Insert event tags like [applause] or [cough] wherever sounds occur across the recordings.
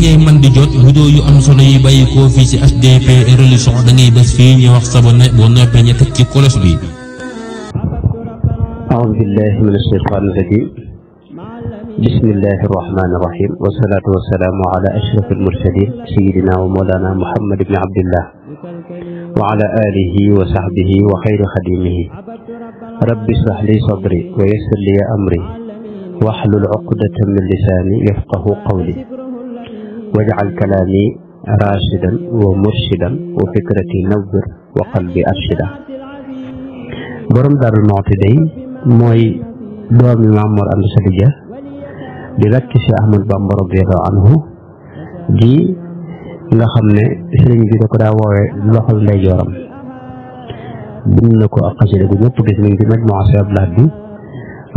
ngay man di jot vidéo yu am solo yi ci HDP religion da ngay ñu wax ci bi أعوذ بالله من الشيطان الرجيم بسم الله الرحمن الرحيم والصلاة والسلام على أشرف المرسلين سيدنا ومولانا محمد بن عبد الله وعلى آله وصحبه وخير خديمه رب اشرح لي صدري ويسر لي أمري واحلل عقدة من لساني يفقه قولي wajcal kalaami raashidan wa murshidan wa fikrati nawwir wa qalbi arshida borom Daaru Muxti day mooy doomi Maam Mor Anta Sali di rakki si Ahmad Bamba radiyallahu anhu ji nga xam ne sëriñ bi da daa woowee loxol ndeyjooram bind na ko ak xasida gu ñëpp gis nañ ci Majmuha Abdul Ahad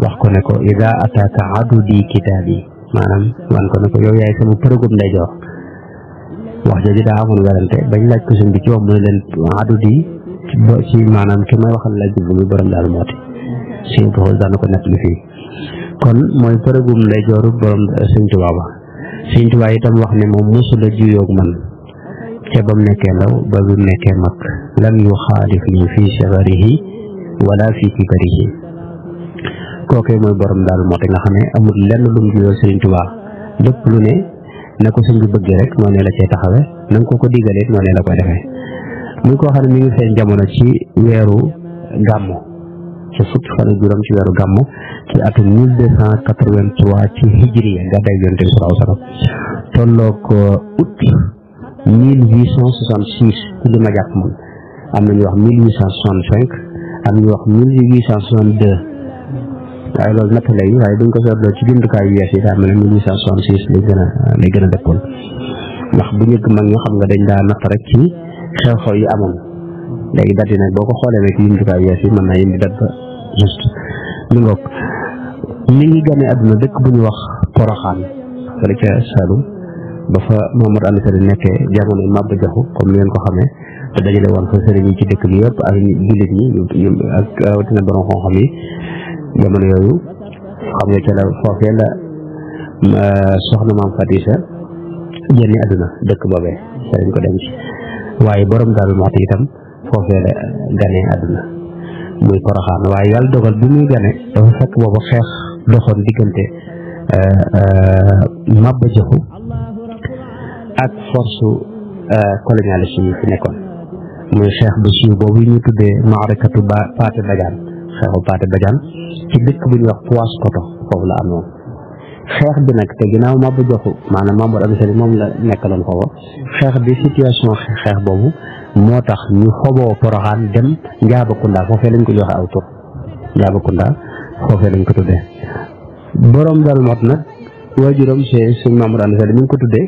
wax ko ne ko ida ataaka adudi kitaabi maanaam wan ko ne ko yow yaay sama përëgum ndeyjoor wax jooju daa amoon werante bañ laaj ko suñ bi ci wax mu ne leen addu di ci maanaam ki may waxal ko xool daana ko kon mooy përëgum ndeyjooru borom Sëñ Tuubaa ba Sëñ itam wax ne moom mosula juyoog man ca ba mu nekkee ndaw ba bi mu nekkee mag lam yu xaalif nii fii sagarihi wala fii kibarihi kookee mooy borom daal moo te nga xam ne amul lenn lu mu juyoo Sëriñ lu ne na ko sëñ bi bëggee rek noo ne la cay taxawe na nga ko ko diggalee noo ne la koy defee muy koo xam ne mu ngi feeñ jamono ci weeru gàmmu ci fukki fan ak juróom ci weeru gàmmu ci atum 1283 ci hijriya gàddaay yonent bi sallallahu alayhi wasallam tolloog euh, août 1866 ci li ma jàpp man am na ñu wax 1865 am ñu wax 1862 waaye loolu natt lay waaye buñ ko seetloo ci jumtukaay yu yees yi daa mel ne mille huit cent gën a lay gën a dëppoon ndax bu njëkk mag ñoo xam nga dañ daa natt rek ci xew-xew yi amoon léegi dat yi nag boo ko xoolee nag ci jumtukaay yu yees yi mën naa indi dat ba juste mi ngoog mi ngi ganee àdduna dëkk bu ñu wax Poroxaan fële ca Saloum ba fa Mamadou Anta Sali nekkee jamono Maba Jaxu comme ni ngeen ko xamee te dajale woon fa sëriñ ci dëkk bi yëpp ak jullit ñi ak rawatina borom xam-xam yi jamono yooyu xam nga ca soxna maam Fatisa génne àdduna dëkk boobee waaye boroom daal moxti itam foofee la gane muy poroxaan waaye yàlla dogal bi muy gane dafa fekk boobu xeex doxoon diggante euh, mabba jëxu ak force euh, colonialiste yi fi nekkoon muy xeex bu siiw boobu ñu tuddee maarikatu ba paate dagaan xeexu Paate Badiane ci dëkk bi ñuy wax Paoskoto foofu la amoon xeex bi nag te ginnaaw Maba Diakhou maanaam Mamadou Abdou Sali moom la nekkaloon foofa xeex bi situation xeex boobu moo tax ñu xoboo Poroxaan dem Njaabakunda foofee lañ ko joxe aw tur Njaabakunda foofee lañ ko tudde boroom dal mot nag waajuram see suñ Mamadou Abdou Sali mi ko tudde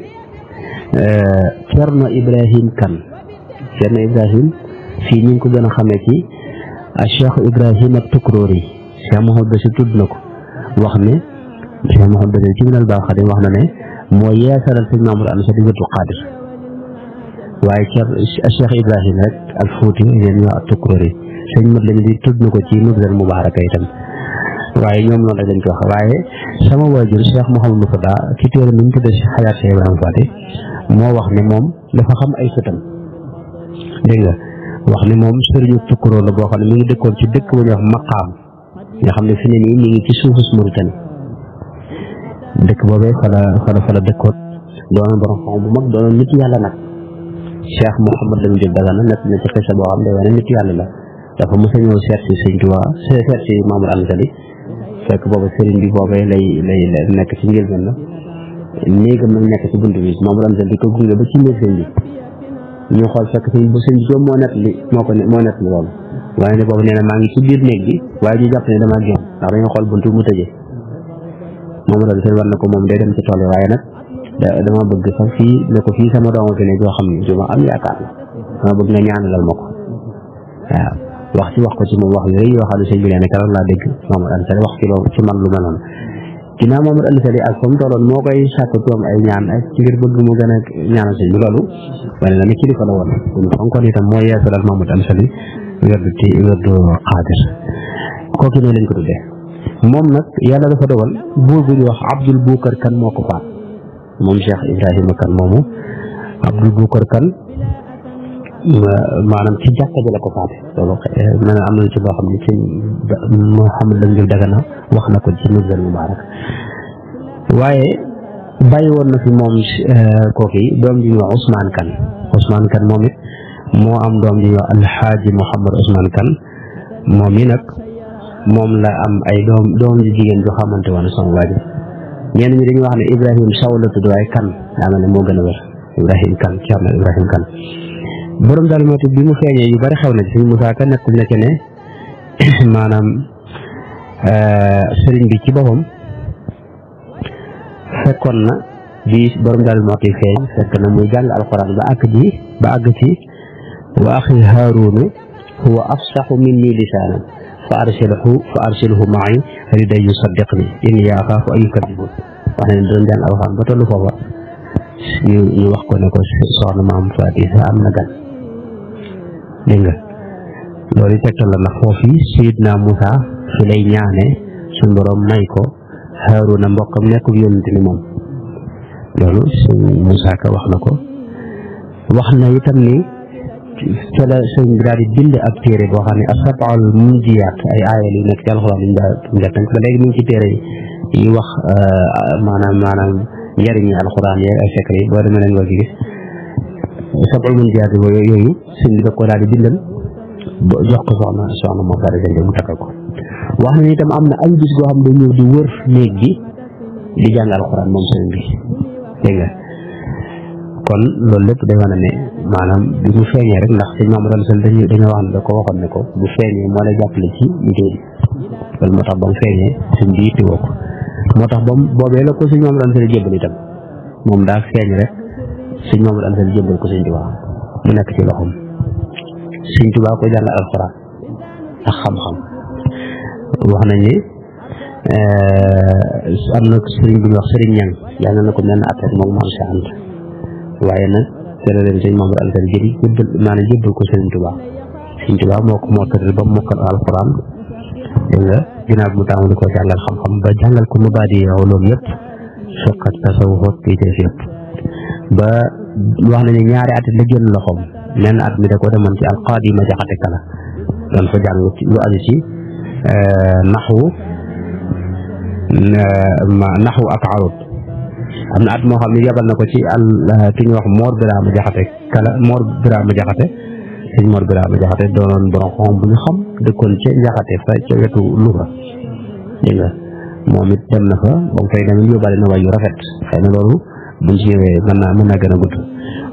Cerno eh, Ibrahim Kan Cerno Ibrahim fii ñu ko gën a xamee ci ak cheikh Ibrahima Tukroori cheikh Mahmoud Bachir tudd na ko wax ne cheikh Mahmoud Bachir ci minal baax xadim wax na ne moo yeesalal sëñ Mamour Anta di wëtu xaadir waaye cheikh Ibrahima rek al Fuuti yéen ñoo ak Tukroori sëñ Mat lañu di tudd na ko ci Nubzal ta itam waaye ñoom noonu rek lañ wax waaye sama waajur cheikh Mouhamadou Fada ci téere mi ñu tuddee si xayaat cheikh Ibrahima Fati moo wax ne moom dafa xam ay sëtam wax ne moom sëriñu tukkuroo la boo xam ne mi ngi dëkkoon ci dëkk bu ñuy wax maqaam nga xam ne fi ne nii mi ngi ci suufus Mauritanie dëkk boobee fa la fa la fa la dëkkoon doonoon borom xam bu mag doonoon nit yàlla nag cheikh Mouhamad Lamine Diop Dagana nekk na ci xisa boo xam ne wane nit yàlla la dafa mos a ñëw seet si sëñ Tuubaa seet si Mamour Alisali fekk booba sëriñ bi boobee lay lay nekk ci njëlbeen la néegam nag nekk ci bunt bi Mamour Alisali di ko gunge ba ci néeg sëñ bi ñu xool fekk sëñ bu sëñ Jóob moo nett li moo ko moo nett li loolu waaye ne boobu nee na maa ngi ci biir néeg bi waaye ñu jàpp ne damaa génn ndax dañoo xool buntu mu tëjee moom loolu sëñ war na ko moom day dem ci tool waaye nag dama bëgg sax fii ne fii sama doomu fi xam ne ju ma am yaakaar la dama bëgg nga ñaanalal ma ko waaw wax ci wax ko ci moom wax yu rëy yoo xam ne sëñ bi nee na keroog laa dégg Mamadou Anta wax ci loolu ci man lu mel noonu ginnaaw moom it ëllëg ak comme tolloon moo koy sàkk tuam ay ñaan ak ngir bëgg mu gën a ñaanal si ñu loolu wane na ni kilifa la woon ñu fonkoon itam moo yeesalal Mahmoud Ansari werdu ci werdu xaadir kooku noonu lañ ko tuddee moom nag yàlla dafa dogal buur bu ñu wax Abdul Bukar kan moo ko faat moom Cheikh Ibrahima kan moomu Abdul Bukar kan maanaam ci jàkka ji la ko faate loolu eh, man am na ci loo xam ne ci Mouhamed Lamine Diouf wax na ko ci Nuzul woon na moom eh, kooku doom ji wax Ousmane Kane moom it moo am doom ji ñu wax Alxaaji Mouhamed Ousmane Kane moom nag moom la am ay doom doom ji jigéen ju xamante woon sama waa ji ñenn ñi dañuy wax ne Ibrahim Saw la tudd waaye a wér Ibrahim Kane Thierno Ibrahim Kane borom dal matu bi mu feñe yu bari xew na ci musa Ka nekul na ci ne manam euh sëriñ bi ci bopam fekkon na bi borom dal matu feeñ fekk na muy jàng alquran ba ak ji ba ag ci wa akhi harun huwa afsaxu minni lisanan lisaanan fa arsilhu fa arsilhu maay riday yu saddiq ni in yaa xaafu ay yukaddibun wax ne doon jàng alxuraan ba tollu foofa ñu ñu wax ko ne ko soxna maam Faati am na gan dégg nga loolu tegtal la ndax foofu naa Moussa fi lay ñaane suñ borom may ko Haaruna mbokkam nekkul yónnante ni moom loolu sëñ Moussa Ka wax na ko wax na itam ni ca la sëñ bi daal di téere boo xam ne as-sab'ul munjiyaat ay aayal yu nekk ci alxuraan yi ñu daal ba léegi mu ngi ci téere yi wax euh, maanaam maanaam njëriñu alxuraan yi ay secret yi boo demee leen nga gis sabal mun jaati ko yooyu sëñ bi da ko daal di bindal jox ko soxna soxna moo fara jënde mu takkal ko wax na itam am na ay bis goo xam ne ñëw di wër néeg bi di jàng alxuraan moom sëñ bi kon loolu lépp day wane ne maanaam bi mu feeñee rek ndax sëñ Mamadou Sall dañu dañoo wax ne da ko waxoon ne ko bu feeñee moo lay jàppale ci liggéey bi moo tax ba mu feeñee sëñ ko moo tax ba mu moom daal feeñ rek sëñ Mamadou Anta Sall jébbal ko sëñ Tuubaa mu nekk ci loxoom sëñ Tuubaa koy jàngal alxuraan ak xam-xam wax nañ ne am na sëriñ bu ñuy wax sëriñ Ñang yàlla na ko mel na affaire moom Maam Cheikh Anta waaye nag tere leen sëñ Mamadou Anta Sall jëri jébbal maanaam jébbal ko sëriñ Tuubaa sëñ Tuubaa moo ko moo tëral ba mu mokkal alxuraan dégg nga ginnaaw mu taamu di ko jàngal xam-xam ba jàngal ko mu baadi yow loolu yëpp soqat tasawuf ak yëpp ba wax na ne ñaari at la génn loxoom menn at mi de ko demoon ci alqaadi ma jaxate kala doon fa jàng lu aju ci euh, naxwu euh, naxwu ak am na at moo xam ne yabal na ko ci al euh, ki ñuy wax Mor Birama Jaxate kala Mor Birama Jaxate sëñ moor Birama Jaxate doonoon borom xam bu ñu xam dëkkoon ca Jaxate fa ca wetu Louga moom it dem na fa ba mu fay demee yóbbaale na waay yu rafet xëy na loolu buñ ci gën a gudd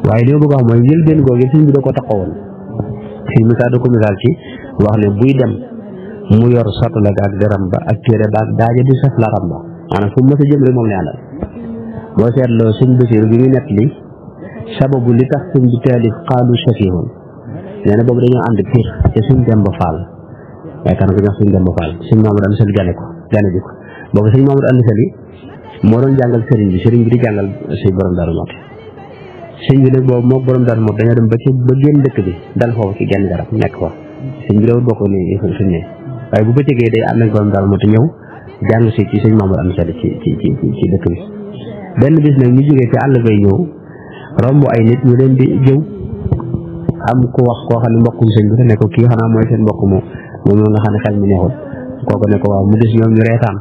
waaye li ma bëgg a wax mooy jël benn googu sëñ bi da ko taxawoon sëñ misaal da ko misaal ci wax ne buy dem mu yor sottale ak garam ba ak téere ba ak daaja di saf laram ba maanaam fu mu mës a jëm rek moom la boo seetloo sëñ Basiir bi ñu nett li li tax sëñ bi taalif xaalu safihun nee boobu dañoo ànd piir te suñ Demba Fall yaakaar na ko ñox sëñ Demba Fall sëñ Mamadou Anta Sali gane ko gane bi boobu sëñ Mamadou Anta Sali moo doon jàngal sëriñ bi sëriñ bi di jàngal sëñ borom Darou Mouhty sëñ bi nag boobu moom borom Darou Mouhty dañoo dem ba ci ba génn dëkk bi dal foofu ci genn garab nekk fa sëñ bi dawul bokk ni suñ ne waaye bu bëccëgee day ànd ak borom Darou Mouhty ñëw jàng si ci sëñ Mamadou am sali ci ci ci ci dëkk bi benn bis nag ñu jógee ci àll bay ñëw romb ay nit ñu leen di jëw am ku wax koo xam ne mbokkum sëñ bi ne ko kii xanaa mooy seen mbokk mu moom nga xam ne xel mi neexul kooku ne ko waaw mu des ñoom ñu reetaan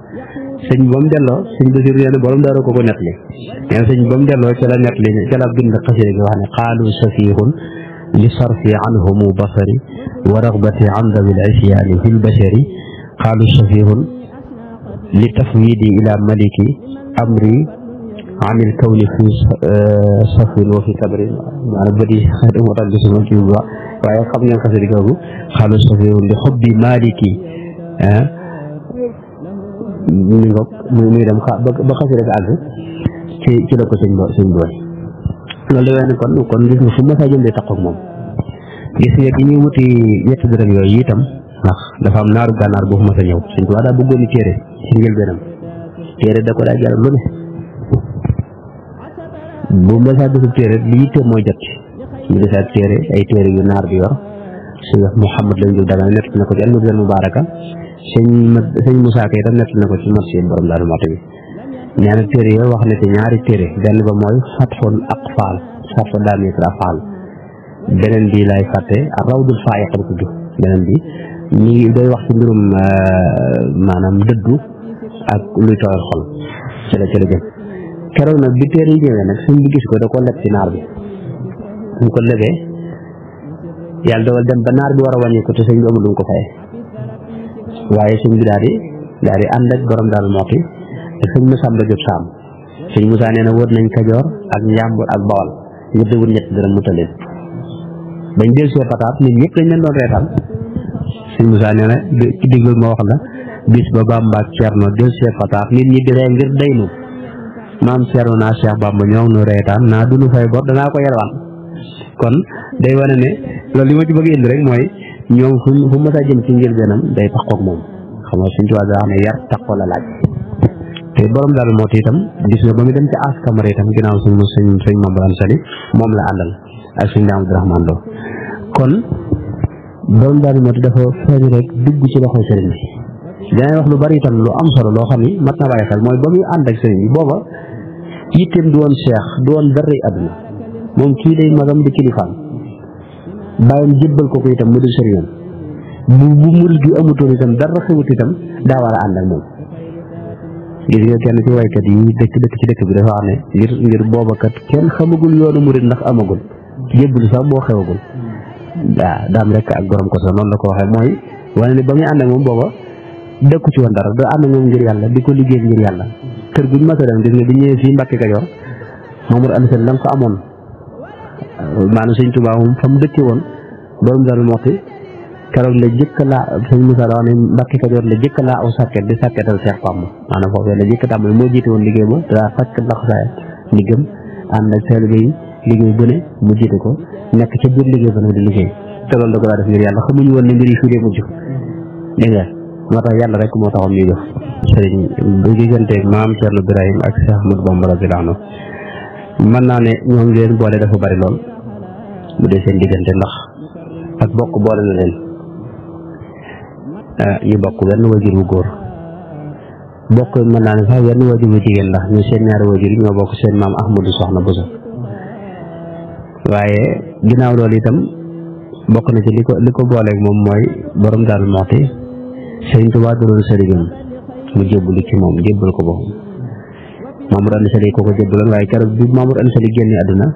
sëñ bam delloo sëñ basir nee borom daara ko ko bam la la bind gi wax safihun عنهم بصري ورغبة عن ذوي في البشر قالوا سفيه لتفويضي إلى ملكي أمري عن الكون في صف وفي قبر أنا بدي خير مرة بسم الله وعيقبني الخسر قالوا سفيه لحب مالكي أه mi ngoog muy muy dem ba xasida ga àgg ci ci ko sëñ bo sëñ booy loolu day wax kon kon gis nga fu ma saa jëm moom gis nga bi ñuy wuti ñetti dërëm yooyu itam ndax dafa am naaru gànnaar boo fu ma sa ñëw suñ tuwaa daa bëggoon ni téere ci njëlbeenam téere da ko daa jaral lu ne bu ma saa gisub téere li yitte mooy jot ñu gisaat téere ay téere yu naar bi yor mu Mouhamed lañ jël danga nekk na ko ci almubiyal mubaraka sëñ sëñ Moussa Ka itam na ko ci marché borom daal mat bi nee téere yooyu wax na ci ñaari téere benn ba mooy fatxun ak faal sarfa daamitra faal beneen bi lay fàtte rawdul faayiq la beneen bi mi day wax mbirum euh, maanaam dëddu ak luy tooyal xol ci la ci la nag bi téere yi ñëwee nag suñ bi gis ko da ko leb ci naar bi mu ko lebee yàlla dogal dem ba naar bi war a wàññi ko te sëñ bi amul mu ko fayee waaye sëñ bi daal di daal di ànd ak borom daal mooti ak sëñ Moussa Mbaye Diop Samb sëñ Moussa nee na wër nañ Kajoor ak Njàmbur ak Bawol ñëpp di wër ñett dërëm mu tëleen del see pataat nit dañ leen doon reetaan sëñ Moussa nee na digloolu ma wax la bis ba Bamba ak Cerno del see pataat nit ñi di ree ngir day nu maam Cerno naa Cheikh Bamba ñoo nu reetaan naa du nu fay bor danaa ko yelwaan kon day wane ne loolu ma ci bëgg indi rek mooy ñoom fu fu mës a jëm ci ngir benam day taqoog moom xam nga suñ tubaab daa xam ne yar taqoo la laaj te borom daal moo itam gis ne ba mu dem ci askamara itam ginnaaw suñ suñ suñ mambaran sali moom la àndal ak suñ daam Abdourahmane Lo kon borom daal moo dafa feeñ rek dugg ci loxo sëriñ bi dinañ wax lu bari itam lu am solo loo xam ne mat na bàyyi xel mooy ba muy ànd ak sëriñ bi booba yitteem du woon seex du woon dara àdduna moom kii day magam di kilifaam bàyyam jébbal ko ko itam mu def sëriñam bu bu murid gi amutoon itam dara xewut itam daa war a ànd ak moom gis nga kenn ci waykat yi dëkk dëkk ci dëkk bi dafa wax ne ngir ngir booba kat kenn xamagul yoonu murid ndax amagul jébbalu sax moo xewagul waaw daam rek ak gorom ko sax noonu la ko waxee mooy wane ne ba muy ànd moom booba dëkku ci woon dara doo ànd ak moom ngir yàlla di ko liggéey ngir yàlla kër guñ masa dem gis nga bi ñëwee fii Mbàkke Kajoor Mamour Alisane la ko amoon maanaam sëñ Tuubaa moom fa mu dëkke woon borom Daaru Muxti keroog la jëkk laa sëñ Moussa da wax ne Mbàkke Kajoor la jëkk laa aw sàkket di sàkketal Seex Bàmba maanaam foofu la jëkk tàmm moo jiite woon liggéey ba daa sàkk ndax saa liggéeyam ànd ak seen bay liggéey bu ne mu jiite ko nekk ca biir liggéey ba nag di liggéey te loolu da ko daa def ngir yàlla xamuñu woon ne mbir yi fii dee mujj dégg nga moo tax yàlla rek moo taxoon ñuy def sëriñ bu digganteeg maam Cerno Birahim ak Seex Ahmadu Bamba radiyallaahu mën naa ne ñoom leen boole dafa bari lool mu dee seen diggante ndax ak bokk boole na leen ah, ñu bokk wenn wajur wu góor bokk mën naa ne sax wenn wajur wu jigéen ndax ñu seen ñaari wajur yi ñoo bokk seen maam Ahmadu Soxna Buso waaye ginnaaw loolu itam bokk na ci li ko li ko booleeg moom mooy borom daal moxti Sëriñ Tuubaa doon sëriñam mu jébbalu ci moom jébbal ko boppam Mamour Anta Sali kooku jébbaloon waaye keroog bi Mamour Anta Sali génne àdduna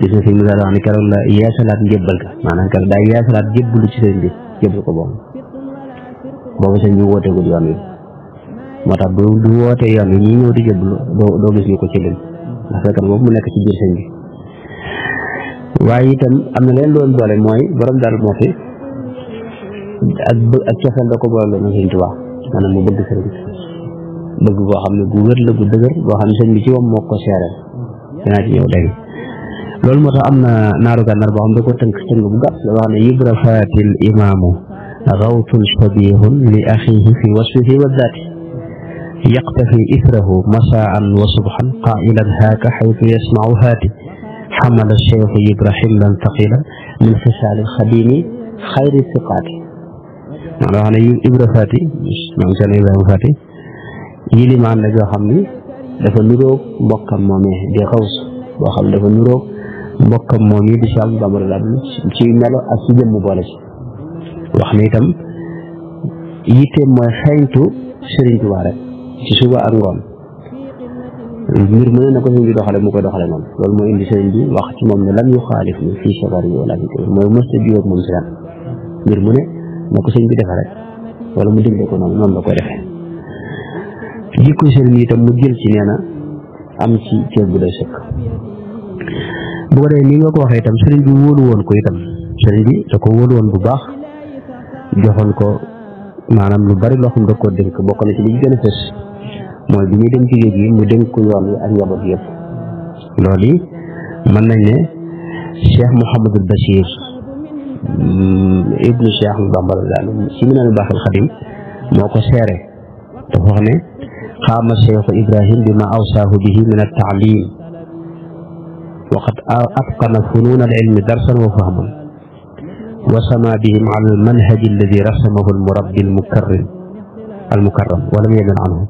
gis na sëñ Moussa wax ne keroog la yeesalaat njébbal ga maanaam keroog daa yeesalaat jébbalu ci sëñ bi jébbal ko boom boobu sëñ yoon wi moo tax bu du wootee yoon wi ñi ñëw di jébbalu doo doo ko ci lim ndax mu nekk ci biir sëñ bi waaye itam am na leen loolu boole mooy borom daal moo fi ak ak cofeel da ko boole na sëñ Tuubaa maanaam mu بگو هم نگوگر لگو دگر و همیشه وصفه و يقتفي إثره مساء وصبحا قائلا هاك حيث يسمع هاتي حمل الشيخ إبراهيم لن ثقيلا من فشال الخديم خير الثقات معناها أنا إبراهيم فاتي مش معناها أنا إبراهيم yilimaan la joo xam ni dafa nuróog mbokkam moomee di xaws dafa nuróog mbokkam moom yi di si am bambara daal melo ak ci jëmm boole ci wax ni itam yitteem mooy xeeñtu Sëriñ Tuubaa rek ci suba ak ngoon mbir mu ne na ko sëriñ bi doxale mu koy doxale noonu loolu moo indi sëriñ bi wax ci moom ne lam yu xaalif ni fii sabar yi wala mu ne na ko sëriñ bi defe mu digle ko noonu noonu la koy defee jikkoy sëriñ bi itam mu jël ci nee na am ci cër bu doy sëkk bu ko defee nii nga ko waxee itam sëriñ bi wóolu woon ko itam sëriñ bi da ko wóolu bu baax joxoon ko maanaam lu bari loo xam da koo dénk bokk na ci li gën a fës mooy bi ñuy dem ci géej gi mu dénk ko yoon wi ak njaboot yëpp loolu yi mën nañ ne Cheikh Mouhamadul Bachir mm, ibnu Cheikh Ahmadou Bamba si mu naan baaxal xadim moo ko seere dafa wax ne قام الشيخ إبراهيم بما أوصاه به من التعليم وقد أتقن فنون العلم درسا وفهما وسمى بهم على المنهج الذي رسمه المربي المكرم المكرم ولم يدن عنه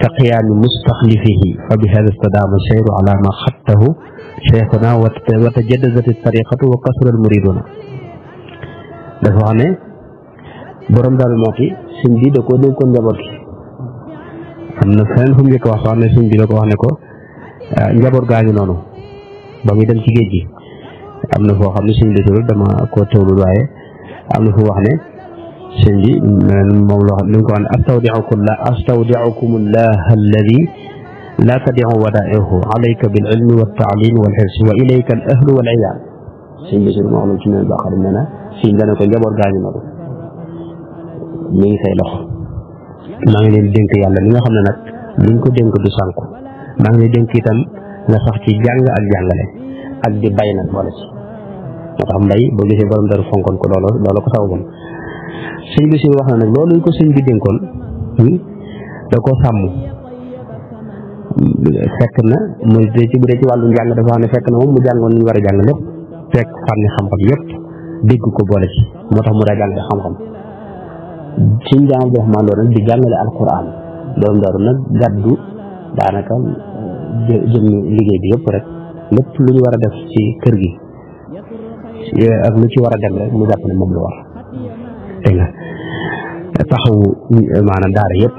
كقيام مستخلفه فبهذا استدام السير على ما خطه شيخنا وتجددت الطريقة وكثر المريدون dafa xam ne borom daal moo ki sëñ am na feneen fu mu njëkk wax sax ne sëñ bi da ko wax ne ko ah, njaboot gaa ngi noonu ba muy dem ci géej gi am na foo xam ne sëñ bi dama ko teewlu waaye am na fu wax ne sëñ bi moom loo xam ne ko wax ne astawdi'ukum la astawdi'ukum allah alladi la tadi'u wadaa'uhu alayka bil ilmi wa taalim wal hirs wa ilayka al ahlu wal iyal sëñ bi moo xam ne ci mel baaxal nee na sëñ dana ko njaboot gaa ngi noonu mi ngi say loxo maa ngi leen dénk yàlla mi nga xam ne nag luñ ko dénk du sànku maa ngi leen dénk itam nga sax ci jàng ak jàngale ak di bay nag wala ci moo tax mbay boo gisee borom daru fonkoon ko loolu loolu ko sababoon sëñ bi si wax na nag loolu ko sëñ bi dénkoon hmm, da ko sàmm fekk na muy dee ci bu dee ci wàllu njàng dafa xam ne fekk na moom mu jàngoon ñu war a jàng lépp fekk fànni xam-xam yépp dégg ko boole ci moo tax mu daa jàng xam-xam suñ jaam boo xamante loolu nag di jàngale alquran doom daaru nag gàddu daanaka jëm liggéey bi yëpp rek lépp lu ñu war a def kër gi ak ci war a dem rek mu jàpp ne moom lu war dégg nga taxaw maanaam daara yëpp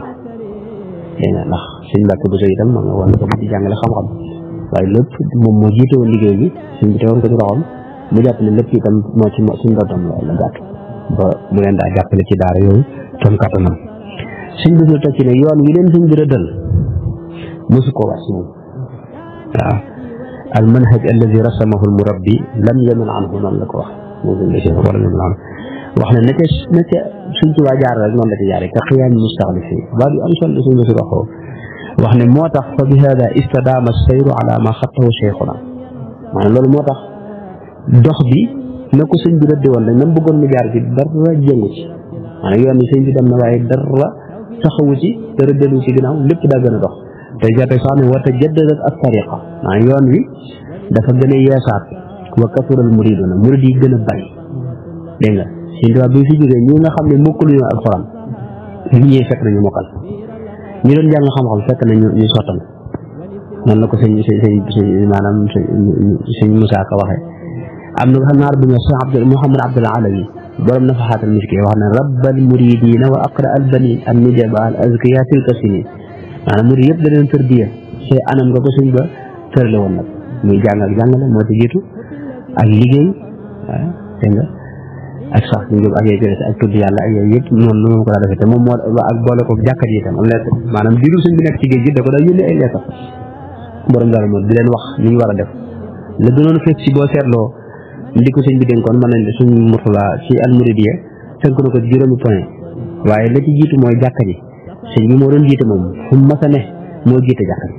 dégg nga ndax suñ mbàkk bu so itam moom war na ko di jàngale xam-xam waaye lépp moom moo jiite woon liggéey bi suñ bi teewoon ko ci loxoom mu jàpp lépp itam moo ci suñ dootam la jàpp ba mu leen daa jàppale ci daara yooyu tom kattanam suñ bisul teg ci ne yoon wi leen suñ bi rëddal mosu koo wax si moom waaw al manhaj alladi rasamahu almurabbi lam yaman anhu noonu la ko wax moom la cheikh wala yaman anhu wax na naka naka suñ ci waa jaar rek noonu la ci jaare ka xiyaam mustaxlifi baa bi am solo suñ bisul waxoo wax ne moo tax fa bi hada istadaama sayru ala ma xattahu cheikhuna maanaam loolu moo tax dox bi nako señ bi rëdde won dañ nam bëggon mu jaar ci dara jëngu ci maanaam yoon señ bi dem na waaye dara taxawu ci dara delu ci ginaaw lepp da gëna dox day jàppe sax ne wata jaddadat ak tariqa maanaam yoon wi dafa gën a yeesaat wa kasural muriduna murid yi gën a bari dégg nga sëñ bi bi fi jógee ñi nga xam ne mokkaluñu alxuraan ñi ñee fekk nañu mokkal ñi doon jàng xam-xam fekk nañu ñu sottal noonu la ko sëñ sëñ sëñ maanaam sëñ Moussa ka waxee أمنا النار بمسيح عبد محمد عبد العلي برم نفحات المشكية وعنا رب المريدين وأقرأ البني النجاب الأزكية تلك السنين معنا يعني مريد لن تربية شيء أنا مرقو سنبا ترلو النب من جانا لجانا لما تجيتو اللي جاي تنجا أكثر من جب أجي جلس أكثر ديال لا أجي جيت من نوم كلا ده كده مم أقبل كوك جاك جيت أنا لات ما نم جلو سن بينك تيجي جيت ده كده يلا إلها برم دارم دلنا وح نيوارا ده لدونه نفسي بوسير لو li ko sëñ bi dénkoon mën moto suñ murtala ci almuridiya tënk na ko juróomi point waaye la ci mooy jàkka ji sëñ bi moo doon jiite moom fu moo jiite jàkka ji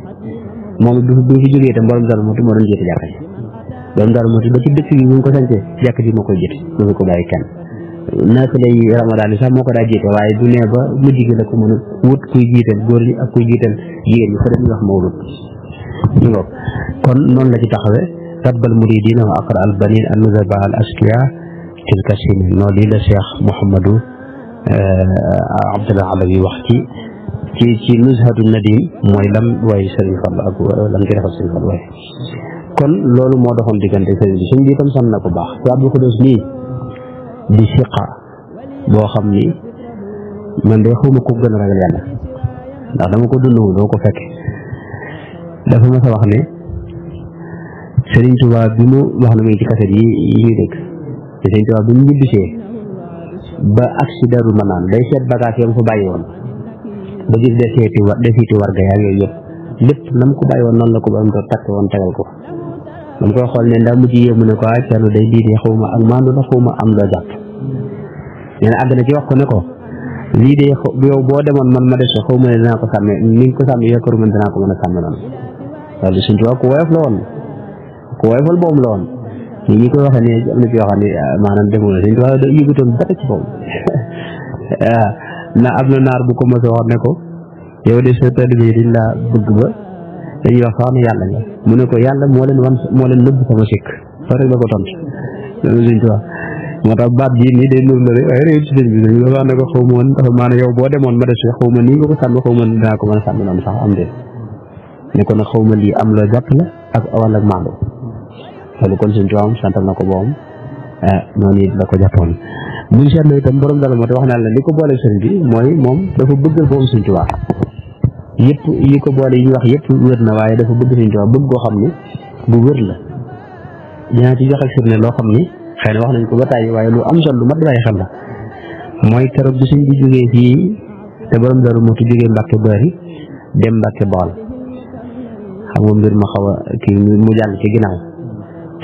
moom du du fi jógee itam borom dara moo doon jiite jàkka ji borom dara moo dëkk yi ñu ko sañcee jàkka ji moo koy jiite moo ko bàyyi kenn naka lay ramadaan yi sax moo ko daa jiite waaye du ne ba mujj gi la ko mën a wut kuy jiital góor ñi ak kuy jiital jigéen ñi fa dem ñu wax mawlud kon noonu la ci taxawee رب المريدين وأقرأ البنين أن النذباء الأشقياء تلك سنين نولي لشيخ محمد عبد الله علوي وحكي كي كي نزهد النديم مويلم لم واي سري فال اك لم جرا فال سري فال واي كون لولو مو دخون ديغنتي سري سين دي تام سان نكو باخ سي عبد القدوس مي دي ثقه بو خامني man de xawma ko gën a ragal yàlla ndax dama ko dund dama ko fekke dafa ma Serigne Touba bi mu wax na mu ci kaset yi yi ñuy dégg te Serigne Touba bi mu ñibbisee ba accident ru ma naan day seet bagage yam ko bàyyi woon ba gis deseeti wa deseeti warga yaa yooyu yëpp lépp na mu ko bàyyi woon noonu la ko ba mu takk woon tegal ko dam ko xool ne ndaa mujj yéemu ne ko ah Thierno day diine xaw ma ak maandu la xaw ma am la jàpp wax ko ne ko lii de yow boo demoon man ma des xaw ma ne dinaa ko sàmme ni ko sàmme yokkaru man dinaa ko mën a sàmme noonu loolu suñ tubaab ku woyof la woon woyofal boobu la woon ñi ñi koy waxee ne am na ci yoo xam ne ah, maanaam defu na [laughs] ah, na am na naar bu ko ma a wax ne ko yow de soo tedd bi dañ laa bëgg ba dañuy wax sax ne yàlla nga mu ne ko yàlla moo leen wan moo leen nëbb sama sikk loolu rek la ko tontu loolu suñ tubaab moo tax baat jii nii day nuru la rek waaye réew ci sëñ bi dañ la wax ne xaw ma woon maanaam yow boo demoon ma xaw ma nii nga ko sànn xaw ma dinaa ko mën a sànn noonu sax am déet ne ko nag xaw ma lii am loo jàpp la ak wàll ak maandu loolu kon suñu tubaab santal na ko boom eh, noonu it la ko jàppoon buñ seetloo itam borom dal moo te wax naa la li ko boole sëriñ bi mooy moom dafa bëggal boom suñu tubaab yëpp yi ko boole yi ñu wax yëpp wér na waaye dafa bëgg suñu tubaab bëgg koo xam ne bu wér la dinaa ci joxe firnde loo xam ni xëy na wax nañ ko ba tàyyi waaye lu am solo lu mat bàyyi xel la mooy keroog bi suñ bi jógee fii te borom daru moo ti jógee Mbàkke Bari dem Mbàkke Bawol xam nga mbir ma xaw a mu jàll ci ginnaaw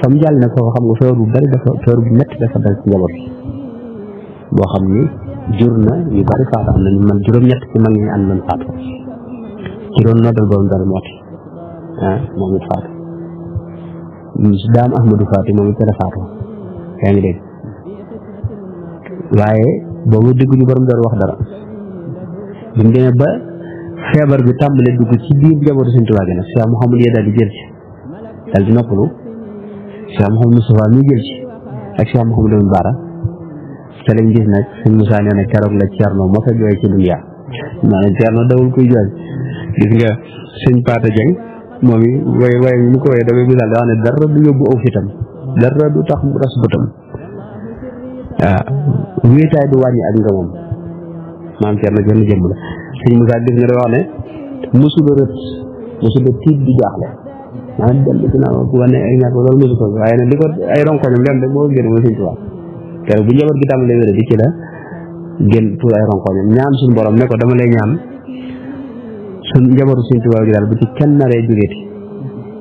fa mu jàll nag foofu xam nga feebar bu bari dafa feebar bu métti dafa dal ci njaboot boo xam ni jur na yu bari faatu am nañu man juróom-ñett ci mag ñi am nañu faatu ci doon noddal borom dara moo ti ah moom it faatu daam ngi dégg waaye boobu dégg ñu borom dara wax dara bi mu ba feebar bi tàmbalee dugg ci biir njabootu Sëñ Tuubaa gi nag Cheikh Mouhamadou yee daal di jël ci daal di noppalu Cheikh Mouhamadou Moustapha mi jël ci ak Cheikh Mouhamadou Bara te lañ gis nag sëñ Moussa nee na keroog la Thierno moo fa jooy ci dunya maanaam Thierno dawul koy jooy gis nga sëñ Pata Dieng moom i way way ñu ko way dafay misaal wax ne dara du yóbbu aw fitam dara du tax mu ras bëtam waaw wéetaay du wàññi ak ngëmam maam Thierno jënd la jaaxle haddan suna ku wana ina ko dal musu ko ay na liko ay ron ko dem dem mo ngir mo tuwa bu gi tam di ci la gën tu ay ron ko ñaan sun borom ne ko dama lay ñaan sun jabaru sin tuwa gi dal bu ci kenn na lay jugeti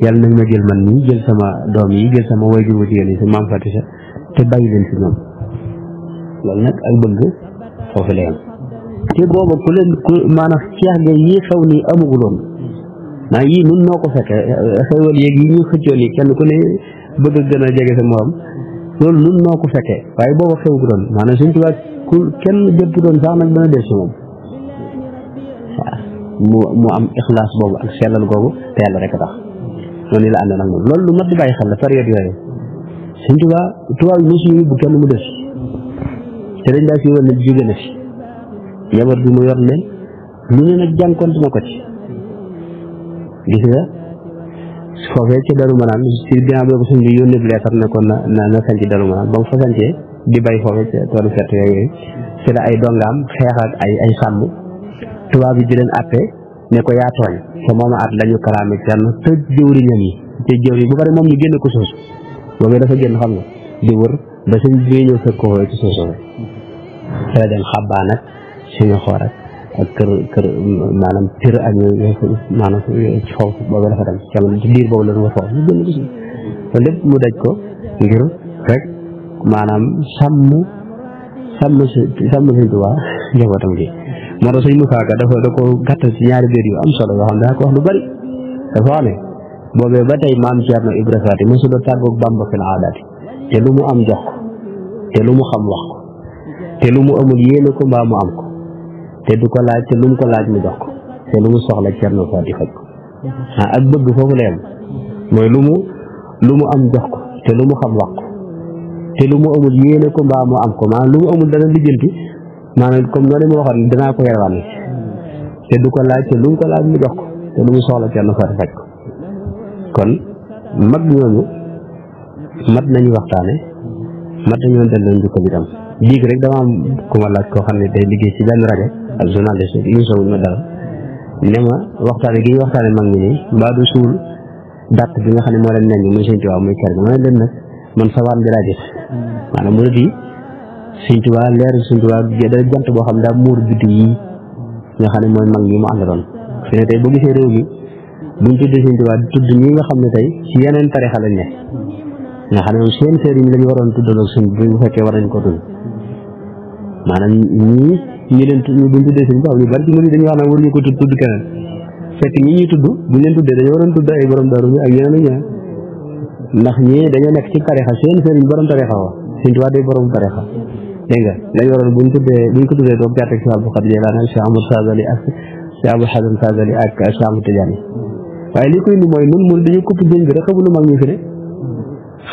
yalla nak ma jël man ni jël sama doom yi jël sama wayju wu jël ci mam fatisha te bayyi len ci ñom lool nak ak bëgg fofu lay am ku leen maanaam ndax yii nun noo ko fekke xéwal yéeg yi ñu xëccoon yi kenn ku ne bëgg gën a jege sa morom loolu nun noo ko fekkee waaye booba xew bu doon maanaam suñ tubaab ku kenn jëpp doon sax nag dana del si moom mu am ixlaas boobu ak sellal googu te yàlla a tax lu mat di bàyyi xel la période yooyu suñ tubaab tubaab yi mosuñu yóbbu kenn mu des te si won ne na fi jabar bi mu yor leen lu ne nag jànkoonte na ko ci gis na foofee ci daru manaan si ginnaaw boobu suñ bi ne ko na na na sanc daru manaan ba mu fa sancee di bay foofee ci toolu fett la ay dongaam xeex ak ay ay sàmm tubaab yi di leen àtte ne ko yaa tooñ te moom at lañu kalaame kenn te jëwriñam yi te bu bari moom ñu génn ko suus boobu dafa génn xam nga di wër ba suñ bi ñëw fekk ko ci suusu rek. xëy na dem xabbaan ak suñu xoor ak kër kër maanaam tër ak yooyu maanaam foofu boobu rafetal jamono ci biir boobu la ñu ko foofu ñu gën a gis loolu lépp mu daj ko ngir rek maanaam sàmm sàmm si sàmm si waa njabootam gi moo tax suñ Moussa Ka dafa da ko gàttal ci ñaari biir yu am solo yoo xam ne daa ko wax lu bari dafa wax ne boobee ba tey maam Thierno Ibrahima Faty mosula tàggoog Bamba fil aadaati te lu mu am jox ko te lu mu xam wax ko te lu mu amul yéene ko mbaa mu am ko te du ko laaj te lu mu ko laaj mu jox ko te lu mu soxla Cerno Saadi faj ko ah ak bëgg foofu la yem mooy lu mu lu mu am jox ko te lu mu xam wax ko te lu mu amul yéene ko mbaa mu am ko maanaam lu mu amul dana lijjanti maanaam comme noonu ma waxoon danaa ko yarwaan te du ko laaj te lu mu ko laaj mu jox ko te lu mu soxla Cerno Saadi faj ko kon mag ñooñu mat nañu waxtaane mat nañu leen delloo njukkal itam léegi rek dama am ku ma laaj koo xam ne day liggéey ci benn rajo ak journaliste yu sowul ma dara ne ma waxtaan gi ñu waxtaane mag ñi nii mbaa du suul bi nga xam ne moo leen meññ muy sëñ Tuubaa muy ker bi ma ne leen nag man sawaat bi laa gis maanaam mu di sëñ Tuubaa leer sëñ Tuubaa da jant boo xam ne daa muur biddi yi nga xam ne mooy mag ñi mu àndaloon fi ne tey boo gisee réew mi buñ tudd sëñ Tuubaa tudd ñi nga xam ne tey ci yeneen tarixa lañ ne nga xam ne moom seen sëriñ lañ waroon tuddaloo sëñ bu fekkee war nañ ko tudd maanaam ñii ñi leen tudd buñ tuddee suñu baax ñu bari ci mëri dañuy wax ko tudd tudd keneen fekk ñi ñuy tudd buñ leen tuddee dañoo waroon tudd ay borom daru ñi ak yeneen ak yeneen ndax ñii dañoo nekk ci tarixa seen sëriñ borom tarixa wa suñ tuwaa day borom tarixa dégg nga dañ waroon buñ tuddee buñ ko tuddee doog jàttek si Abdu Xaadir Jilaani si Amadou Sazali ak Cheikh Abdul Hasan Sazali ak Cheikh Amadou Tidiane waaye li koy ni mooy nun mun dañu kopp jën bi rek xamu lu fi ne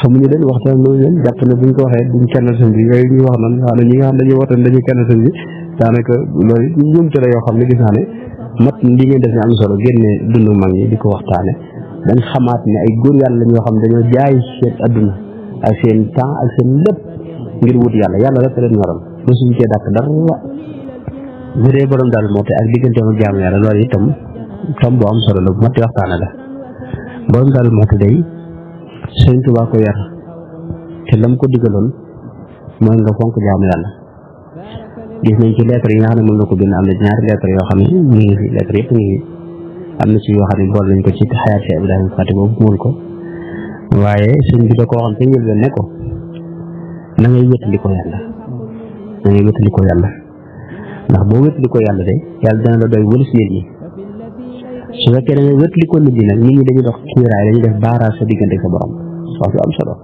xamuñu leen waxtaan loolu leen jàpp ne ñu ko waxee duñ kennal sëñ bi yooyu ñuy wax nan waana ñi nga xam dañuy wax tan dañuy kennal sëñ bi daanaka loolu njuumte la yoo xam ne gis naa ne mat li ngeen def ne am solo génne dundu mag ñi di ko waxtaane dañ xamaat ne ay góor yàlla ñoo xam dañoo jaay seen àdduna ak seen temps ak seen lépp ngir wut yàlla yàlla rek leen ñorom ba suñ cee dàkk dara bu dee boroom daal moo te ak digganteem ak jaamu yàlla loolu itam tam bu am solo la bu matti waxtaane la borom daal moo te sëriñ Tuubaa ko yar te lam ko digaloon mooy nga fonk jaamu yàlla gis nañ ci lettre yi nga xam ne moom la ko bind am na ñaari lettre yoo xam ne ñu ngi fi lettre yëpp ngi am na ci yoo xam ne bool nañ ko ci xayaat Cheikh Ibrahima Fati boobu muul ko waaye sëñ bi da koo xam te ñël ben ne ko na ngay wétali ko yàlla na ngay wétali yàlla ndax boo wétali ko yàlla de yàlla dana la doy wëlis nit ñi su fekkee da nga wétli ko nit ñi nag nit ñi dañuy dox kiiraay dañuy def baaraas sa diggante sa borom wax ju am solo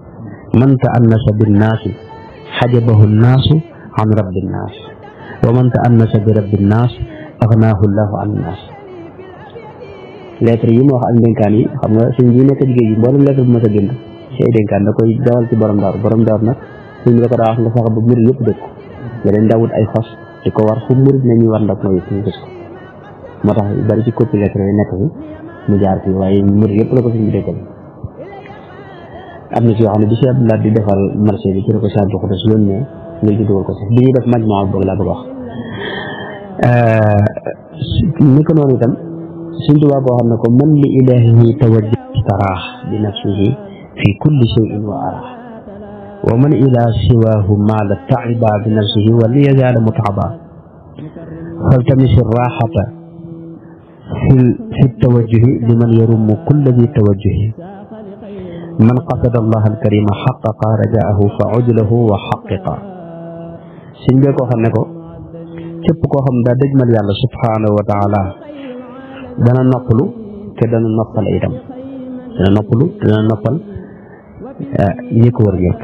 man ta'annasa bin naasi xajabahu naasu an rabbi naas wa man ta'annasa bi rabbi naas aghnaahu llahu an naas lettre yi ma wax ak ndénkaan yi xam nga suñ bi nekk liggéey bi mboolem lettre bu ma sa bind ci da koy dawal ci borom daaru borom daaru nag suñ la ko daa wax nga fexe ba mbir yëpp dëkk nga leen dawut ay xos di ko war fu murit nañuy war ndab mooy yëpp moo tax bari ci copie lettre yi nekk fi mu jaar fii waaye mbir yëpp la ko fi mbiree tamit am na ci yoo xam ne bi si Abdoulaye di defal marché bi ci la ko si Abdou Khoudous loolu ne léegi dugal ko si bi ñuy def majmaa boog laa bëgg wax ni ko noonu itam suñ tubaab boo xam ne ko man li ilaahi tawajjahtu taraax bi nafsihi fi kulli shay'in wa araax wa man ila siwaahu maala taiba bi nafsihi wa li yazaala mutaba faltamis الراحة في التوجه لمن يرم كل ذي توجه من قصد الله الكريم حقق رجاءه فعجله له وحقق سنجاكو خنكو كيبكو خم دا دجمال يالله سبحانه وتعالى دانا نقلو كدانا نقل ايدم دانا نقلو دانا نقل آه، يكور يك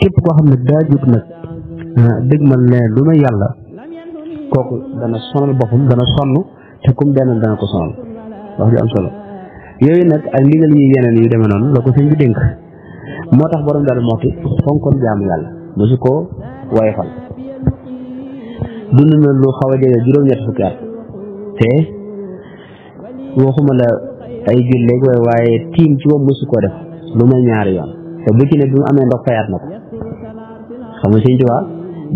كيبكو خم دا جبنا آه، دجمال لنا يالله كوكو دانا سنل بخم دانا سنل te kum benn dana ko sonal wax ju am solo yooyu nag ak ndigal yi yeneen yu demee noonu la ko sëñ bi dénk moo tax boroom daal moo ki fonkoon jaamu yàlla mosu koo wayfal dund na lu xaw a jege juróom-ñett fukki at ay julleeg waaye waaye tiim ci moom mosu koo def ñaari yoon te bu bi mu amee ndox fayaat na ko xam nga sëñ Tuubaa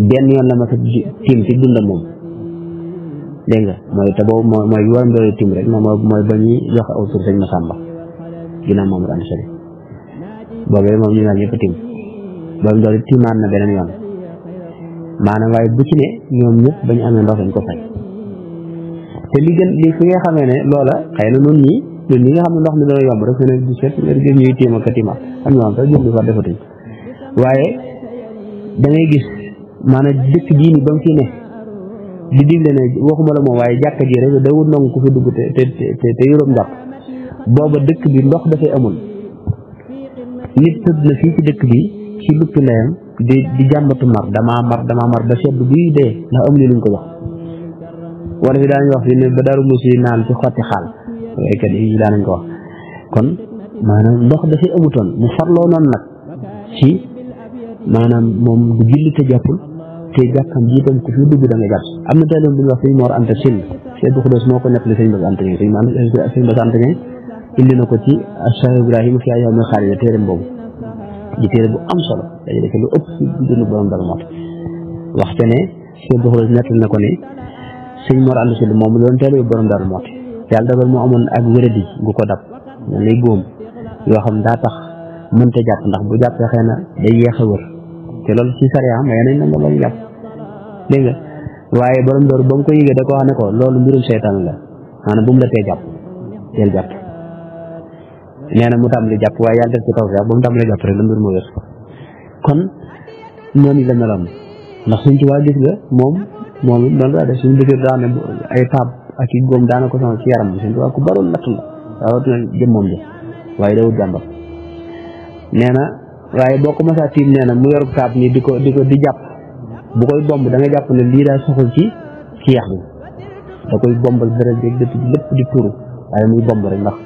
benn yoon la ma sa tiim ci dundam moom dégg nga mooy te boobu mooy mooy bi war a tim rek moom mooy ba ñuy joxe aw tur sëñ Masamba ginnaaw moom la am sëriñ boobee moom ñu naan ñëpp tim boobu doole na beneen yoon maanaam waaye bu ci ne ñoom ñëpp ba ñu amee ndox dañ ko fay te li gën li fi nga xamee ne loola xëy na noonu ñii ñun ñi nga xam ne ndox mi dana yomb rek feneen di seet ngeen gis ñuy tiim ak tiimaat am ñoom sax jënd fa defatuñ waaye da gis maanaam dëkk bii nii ba fi ne. di digle ne waxuma la moom waaye jàkka ji rek dawul nangu ko fi dugg te te te njàpp booba dëkk bi ndox dafay amul nit tëdd na fii ci dëkk bi ci luppi layam di di jàmbatu mar damaa mar damaa mar ba sedd buy dee ndax am ni luñ ko wax war fi daañu wax fi ne ba daru musi naan ci xotti xaal waykat ko wax kon maanaam ndox dafay amutoon mu farloo noonu nag ci maanaam moom du julli te jàppul te jàkkam ji itam ku fi dugg da jàpp am na teeloon bu ñu wax sëñ Mor Anta Sine si Abdou moo ko nettali sëñ Bass Anta Ñaŋ sëñ indi na ko ci Cheikh Ibrahima fi yow mi xaarida téeréem boobu di téere bu am solo dañu def lu ëpp ci dundu borom dara moo wax ne sëñ Abdou Khoudoss nettali na ko ne sëñ Mor Anta Sine moom doon teelu borom dara moo yàlla dogal moo amoon ak wéradi gu ko dab lay góom yoo xam daa tax mënta jàpp ndax bu jàppee xëy na day yeex a te loolu ci sariya may nañ la nga waaye borom door ba ko yëgee da ko ne ko loolu mbirum seytaan la maanaam la tee jàpp del jàpp nee na mu tàmbali jàpp yàlla def ci taw ba mu tàmbali jàpp rek la mbir moo wér kon noonu ndax suñ ci waa gis nga moom moom it noonu la def suñu daane ay taab ak i góom daana ko sama ci yaram suñ ci waa ku a natt la rawatina jëmmam ji waaye dawut jàmbat nee waaye boo ko masaa tiim nee na mu yor kaab nii di ko di ko jàpp bu koy bomb da jàpp ne lii daa soxal ci ci yax bi da koy bombal deret bi di turu waaye muy bomb rek ndax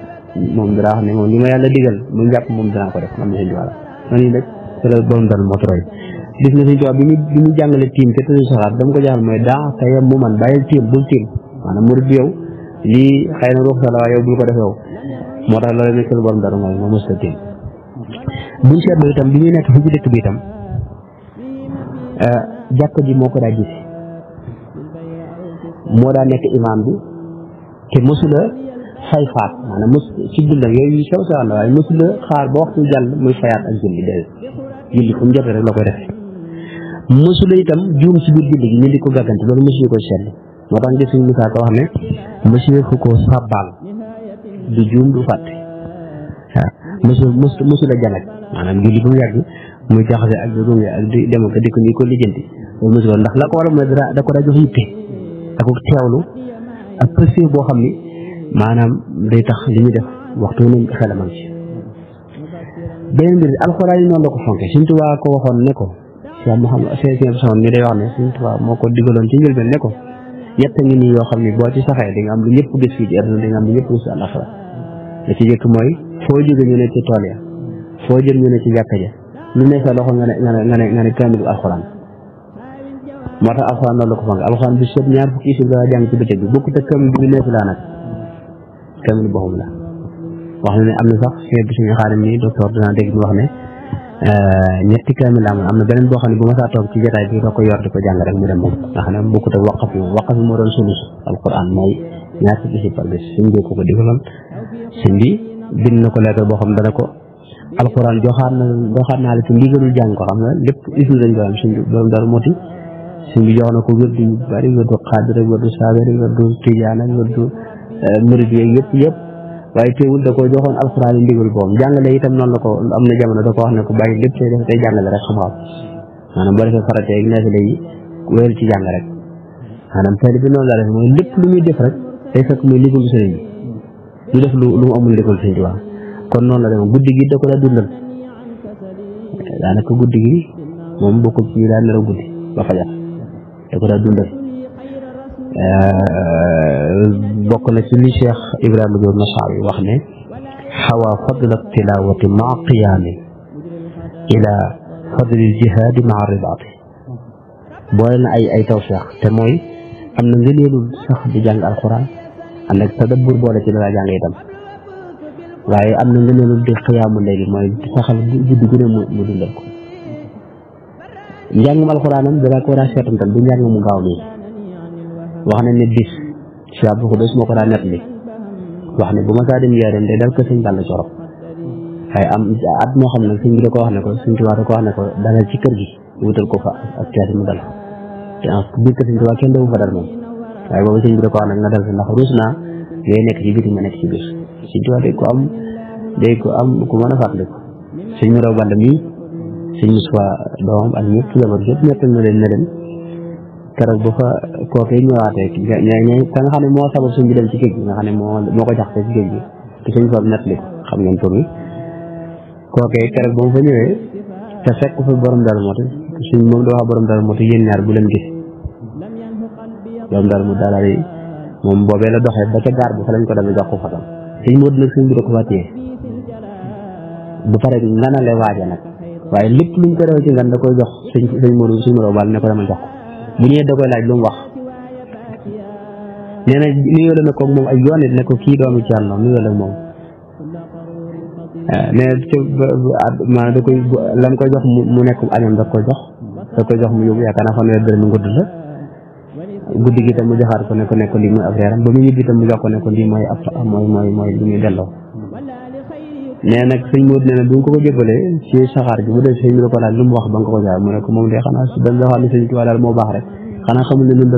moom dinaa wax ne moom li ma yàlla digal muy jàpp moom dinaa ko def man la sëñ Tuubaa noonu yi moo toroy gis nga sëñ Tuubaa bi mu bi mu jàngale tiim te tëdd saxaat ko jaaxal mooy daa te yem mu man bàyyil tiim bul tiim maanaam murid yow lii xëy na ko def yow moo tax loolu nekk la borom dal moo nga mos buñ seetloo itam bi ñu nekk fii ci dëkk bi itam euh, jàkka ji moo ko daa gis moo daa nekk imaam bi te mosula fay faat maanaam mos ci dundam yooyu sew sewaan la waaye xaar ba waxtu jàll muy fayaat ak julli de julli fu mu la koy def mosula itam juum ci biir julli gi ñu di ko gàggante loolu mosuñu ko seetlu moo tax gis suñ ko wax ne mosuñu ko du juum du fàtte mosul mosul mosul a jàllale maanaam julli ba mu yàgg muy jaxase ak di gunge ak di dem ak dikk ni ko lijjanti loolu mosul woon ndax la ko war a mooy dara da ko daa jox yitte da ko teewlu ak pësté boo xam ni maanaam day tax li def waxtu wu ne xelamam ci. beneen bi alxuraan yi noonu ko waxoon ne ko waaw mu xam ne mi day wax ne Sëñ moo ko digaloon ci njëlbeen ne ko yett ngi nii yoo xam ne boo ci saxee di nga am lu ñëpp gis fii ci àdduna di nga am lu ñëpp gis àllaaxira la ci jëkk mooy foo jóge ñu ne ci tool ya foo jëm ñu ne ci jàkka ja lu ne loxo nga ne nga ne nga ne kaamilu alxuraan moo tax alxuraan loolu ko fang alxuraan bi sëb ñaar fukki isib la bi bokkut ak kaamil bi neefi laa nag kaamil boxum la wax na ne am na sax xëy bi suñu xaarim nii docteur wax ne euh, ñetti kaamil la am na beneen boo xam ne bu ma ci jotaay bi ko yor ko jàng rek mu dem moom nga xam ne bokkut ak waqaf yi waqaf yi moo doon sulus alxuraan mooy ñaar fukki isib par bés suñ ko ko digaloon sëñ bi bind na ko lettre boo xam dana ko alxuraan joxaat na joxaat naa la ci ndigalul jàng ko xam na lépp usul dañ ko am suñ borom dara moti suñ ko wérdu yu bari wérdu xaadir ak wérdu saabir ak wérdu tijaan ak wérdu eh, murid yeeg yëpp yëpp waaye teewul da koo joxoon alxuraan yi ndigal boom jàngale itam noonu la ko am na jamono da ko wax ne ko bàyyi lépp tey def tey jàngale rek xam-xam maanaam boo defee farate ak naafile yi wéyal ci jàng rek maanaam tey bi noonu la def mooy lépp lu muy def rek day fekk muy liggéeyu sëriñ bi du def lu mu amul defal sëñ Tuubaa kon non la dem guddi gi da ko la dundal daanaka guddi gi mom bokkul ci la na guddi ba fajar da ko daa dundal bokk na ci li Cheikh ibrahim do na Nasaawi wax ne hawa fadl tilawati ma qiyaami ila fadl jihad ma ribaati boole na ay ay taw cheikh te moy amna ngeen ngëneelul sax di jàng alquran ànd ak tadabbur boole ci dara jàng itam waaye am na ngëneelu di xiyaamu léegi mooy saxal guddi gu ne mu mu dundal ko njàngum alxuraanam dara ko war a seetantal du njàng mu gaaw mi wax na ne bis Cheikh Abdou Khoudoss moo ko daa nett li wax ne bu ma saa dem yaram day dal ko sëñ Balla Corop waaye am at moo xam ne sëñ bi da ko wax ne ko sëñ Tuubaa ko wax ne ko dalal ci kër gi wutal ko fa ak caasi dal te en biir kër fa dal moom waaye boobu sëñ bi da ko wax nag na dal si ndax naa ngay nekk nekk ko am day ko am ku mën a fàttaliku sëñ Mouraw ba mii sëñ Moussa doomam ak ñëpp jabar yëpp ñettal na leen ne leen keroog ba fa kookee ñëwaatee ka nga xam ne moo sabab sëñ bi dem ci géej nga xam ne moo moo ko jaxtee ci géej gi te sëñ Fall nettali ko xam ngeen tur bi kookee keroog ba mu fa ñëwee te fekk moo te suñ moom da wax borom moo te yéen ñaar bu leen gis ñoom daal mu daal moom boobee la doxee ba ca gaar bi fa lañ ko demee jox ko fotam sëñ moo nag sëñ bi da ko fa téye bu pare nganale waaja nag waaye lépp luñ ko rew ci ngan da koy jox sëñ sëñ Modou sëñ Modou Ball ne ko dama jox ko bu ñëwee da lu mu wax nee na nuyoo moom ay yoon it ne ko kii doomu ci àll nuyoo la moom mais eh, ci maanaam lam koy jox mu nekk añam da koy jox da koy jox mu yóbbu yaakaar naa fanweeri dërëm mu ngudd la guddi gi tam mu joxaat ko ne ko ne ko lii mooy ab reeram ba mu ñibbi tam mu jox ko ne ko lii mooy ab mooy mooy mooy lu muy delloo mais nag sëñ ko ko jébalee ci saxaar gi mu def sëñ bi la ko laaj mu wax ba nga ko jaay mu ne ko moom de xanaa su dañ waxaat ne sëñ Tuubaa daal moo baax rek xanaa xamul ne ñun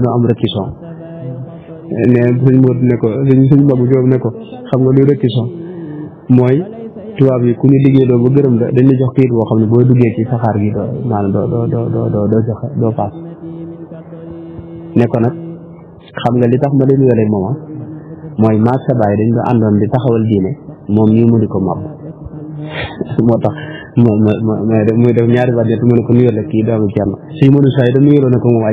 ne ko sëñ sëñ Babu Joob ne ko xam nga luy réquisition mooy tubaab yi ku ñu liggéey doo ba gërëm da dañ la jox kayit xam ne boo duggee ci saxaar gi doo maanaam doo doo doo doo doo doo paas ne ko nag xam nga li tax ma leen yore mooma mooy maag sa baay dañ ko àndoon di taxawal diine moom ñu mu di ko màbb moo tax mo mo muy def ñaari baat ñett mu ne ko nuyoo la kii doomu Cerno suñ mënu saa yi da ko moom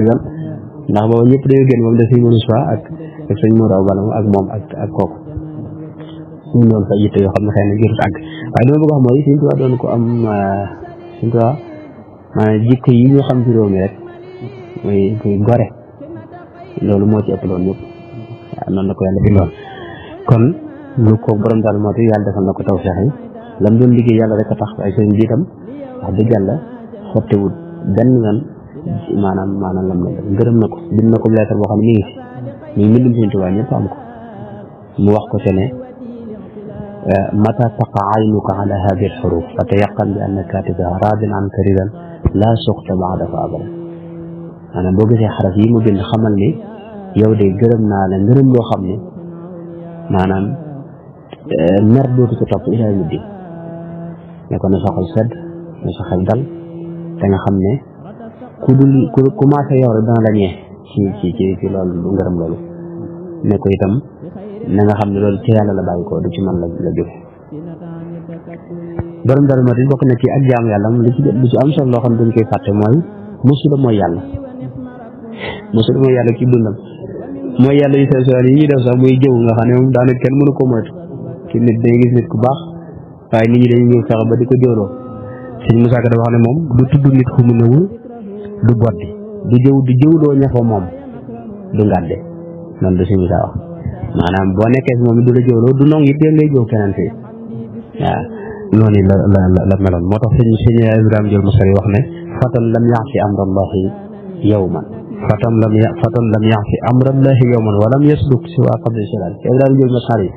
ndax booba ñëpp dañoo moom da suñ mënu saa ak ak suñ mënoo balam moom ak ak kooku suñ loolu sa yitte yoo xam ne xëy na jërut àgg waaye dama bëgg wax mooy suñ tubaab doon ko am suñ tubaab maanaam jikko yi ñu xam ci rek muy gore loolu moo ci ëpp loolu yëpp waaw noonu la ko yàlla bindoon kon lu ko borom daal moo tax yàlla defal na ko taw feex yi lam doon liggéey yàlla rek a tax ay sëriñ bi itam wax dëgg yàlla xottewut benn yoon maanaam maanaam lam na gërëm na ko bind na ko leetar boo xam ne mi ngi si muy mbindum Sëriñ Tuubaa am ko mu wax ko te ne eh, mata a aynuka ala hadi alxuruf fa tayaqan bi anna katibaha raadin an karidan la suqta baadahu abadan maanaam boo gisee xaraf yi mu bind xamal ne yow de gërëm naa la ngërëm loo xam ne maanaam eh, mer dootu ci topp ilaa yu di ne ko na sedd na sa xel dal te xam ne ku dul ku commencé yow rek dana la ñee ci ci ci loolu ngërëm loolu ne itam na nga xam ne loolu ci yàlla la bàyyi ko du ci man la la jóge borom dara ma bokk na ci ak jaam yàlla li ci lu ci am solo loo xam ne dañ koy fàtte mooy musiba mooy yàlla mosul mooy yàlla ci dundam mooy yàlla yu sew sewaan yi ñu def sax muy jëw nga xam ne moom daanaka kenn mënu ko moytu ci nit day gis nit ku baax waaye nit ñi dañuy ñëw ba di ko jëwloo sëñ Moussa Ka wax ne moom du tudd nit ku mu newul du boddi du jëw du jëwloo ña fa moom du ngàdde noonu du suñu daa wax maanaam boo nekkee si moom du la jëwloo du nong it ngay jëw keneen fii waaw noonu la la la meloon moo tax sëñ sëñ Ibrahima Jël Musari wax ne fatan lam yaxsi amrallaahi yawman فتم لم فتم لم يعفي امر الله يوما ولم يسلك سوى قبل سلال الا إيه رجل المساري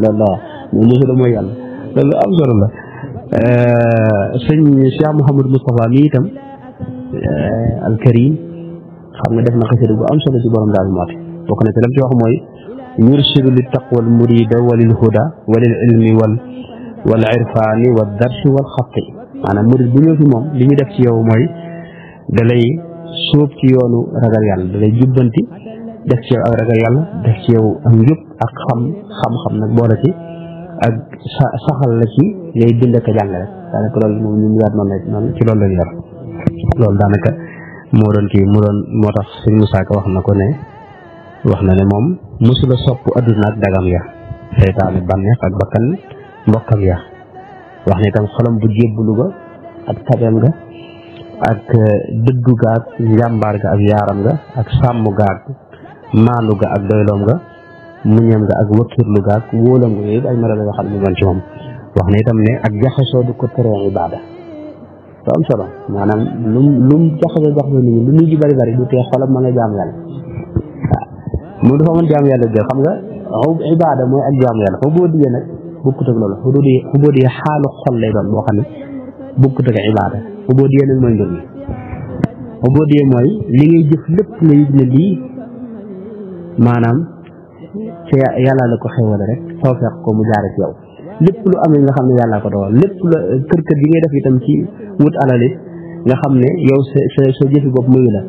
لا لا والله لا لا لا لا لا لا سن الشيخ محمد مصطفى ميتم آه، الكريم خم دفنا قصيده وام سنه برم دار المات وكنا تلم جوخ موي يرشد للتقوى المريد وللهدى وللعلم وال والعرفان والدرس والخطي انا مريد بنيو في موم لي ديف سي يوم موي دالاي sóob ci yoonu ragal yàlla da jubbanti def ci yow ak ragal yàlla def ci yow ak njub ak xam xam-xam nag boole ci ak saxal la ci ngay bind ak jàng rek daanaka loolu moom daanaka moo doon kii mu doon moo tax suñu musaaka wax na ko ne wax na ne moom mosula sopp adduna ak dagam ya seytaane bànneex ak bakkan mbokkam ya wax ne itam xolam bu jébbalu ga ak tabeem ga ak euh, dëggu gaag njàmbaar ga ak yaaram ga ak sàmm gaag maandu ga ak doyloom ga muñam ga ak wakkirlu gaag wóolam ga yooyu ay melo la yoo xam ne doon ci moom wax na itam ne ak du ko teree ibaada te solo maanaam lu lu mu jaxasoo jaxasoo nit ñi lu nit ñi bari bari du tee xolam mën a jaam yàlla waaw moom dafa mën jaam yàlla jël xam nga ibaada mooy ak jaam yàlla foo boo xaalu xol lay doon boo xam ne bukkut ak ibaada ubodiya nag mooy mbir mi mooy li ngay jëf lépp nga yëg ne lii maanaam ci yàlla la ko xewale rek tawfeex ko mu jaare ci yow lépp lu amee nga xam ne yàlla ko dogal lépp lu kër kër yi ngay def itam ci wut alal nga xam ne yow sa sa sa jëfi bopp muyu la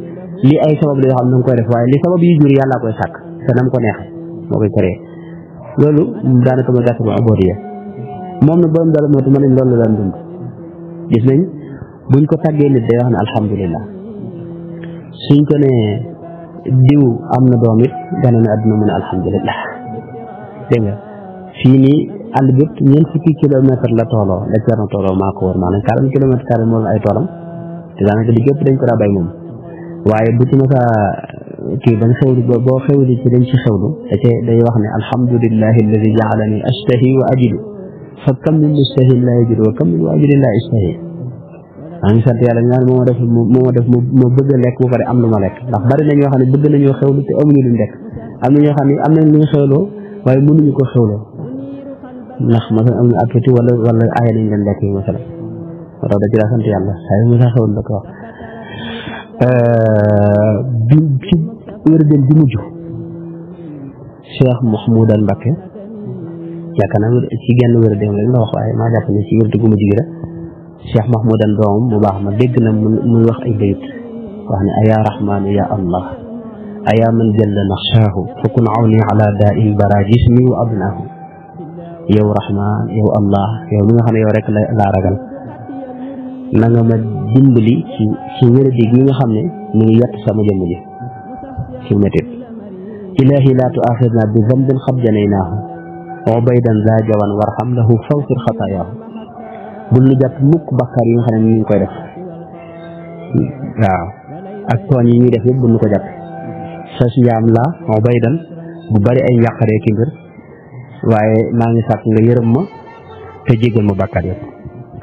li ay sabab la yoo xam ne nga koy def waaye li sabab yi jur yàlla koy sàkk te nam ko neexee moo koy créé loolu daanaka ma gàtt ma ubodiya moom na borom dara moo tax ma nañ loolu la daan dund gis nañ buñ ko tàggee nit day wax ne alhamdulillah suñ ko ne diw am na doom it gane na àdduna mu ne alhamdulillah dégg nga fii nii àll bi ñeent fukki kilomètre la tooloo la ceerno tooloo maa ko wër maanaam quarante kilomètre carré moo ay toolam te daanaka di gépp dañ ko daa bay moom waaye bu ci ma masa kii bañ xewli boo xewli ci dañ ci xewlu da ce day wax ne alhamdulillahi alladi jaalani ashtahi wa ajidu fa kam min mustahin la yajidu wa kam min waajidin la ishtahi ngi sant yàlla ñaan moo def moo def ma bëgg a lekk ba pare am lu ma lekk ndax bari na ñoo xam ne bëgg nañoo xewlu te amuñu lu lekk am na ñoo xam ne am nañ lu ñu xewloo waaye mënuñu ko xewloo ndax masal am na appétit wala wala aaya nañ leen lekk yi masala moo tax da ci daa sant yàlla xëy mu sax xewlu la ko wax bi ci wérdeen bi mujj cheikh mahmoudan mbakke yaakaar naa ci genn wérdeen rek la wax waaye maa jàpp ne ci wérdu gu mujj gi rek cheikh mahmoudan doomam bu baax ma dégg na muy wax ay bayit wax ne aya rahmanu ya allah aya man jalla naxshaahu fakun awni ala daa'in bara jismi wa abnahu yow rahman yow allah yow mi nga xam ne yow rek laa ragal na nga ma dimbali ci ci wéradi gi nga xam ne mu ngi yett sama jëmm ji ci métit ilahi la tuaxirna bi zambin xad janaynaahu عبيدا ذا جوا وارحم له فوق خطاياه bu lu jàpp mukk bakkaar yi nga xam ne koy def waaw ak tooñ yi ñuy def yëpp bu ñu ko jàpp sas njaam la moo bay dan bu bari ay njàqaree ki mbir waaye maa ngi sàkk nga yërëm ma te jégal ma bakkaar yëpp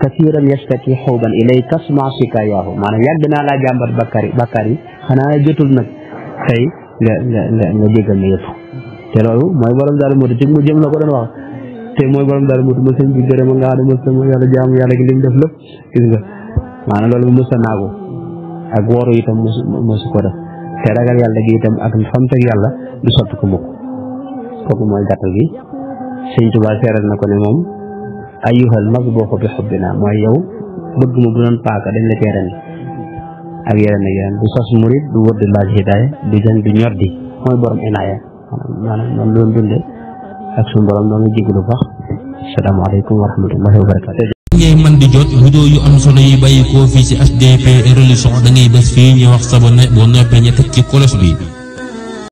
kasiiran yastaki xawban ilay tasma sikayaahu maanaam yàgg naa laa jàmbat bakkaar yi yi xanaa jotul nag tey nga nga nga jégal ma yëpp te loolu mooy borom daal moo ci mu jëm la ko doon wax te mooy borom daal mosuma sëñ bi gërëm nga xam ne mos sama yàlla jaamu yàlla gi li mu def lépp loolu mos a naagu ak wóoru itam mos mosu ko def te ragal yàlla gi itam ak fam teg yàlla du ko mukk kooku mooy gàttal gi sëñ Tuubaa seeral na ko ne moom ayyuhal mag boo ko bi xubbinaa mooy yow bëgg ma paaka dañ la cee ren ak yeneen ak yeneen du sos murit du di laaj hidaaya du jën di mooy borom inaaya maanaam noonu doon ak su borom noonu jéggalu lu baax asalaamaaleykum wa rahmatullahi wa barakaatu ngay man di jot vidéo yu am solo yi bàyyi koo fii ci HDP religion da ngay bés fii ñu wax ne boo noppee ñu teg ci cloche bi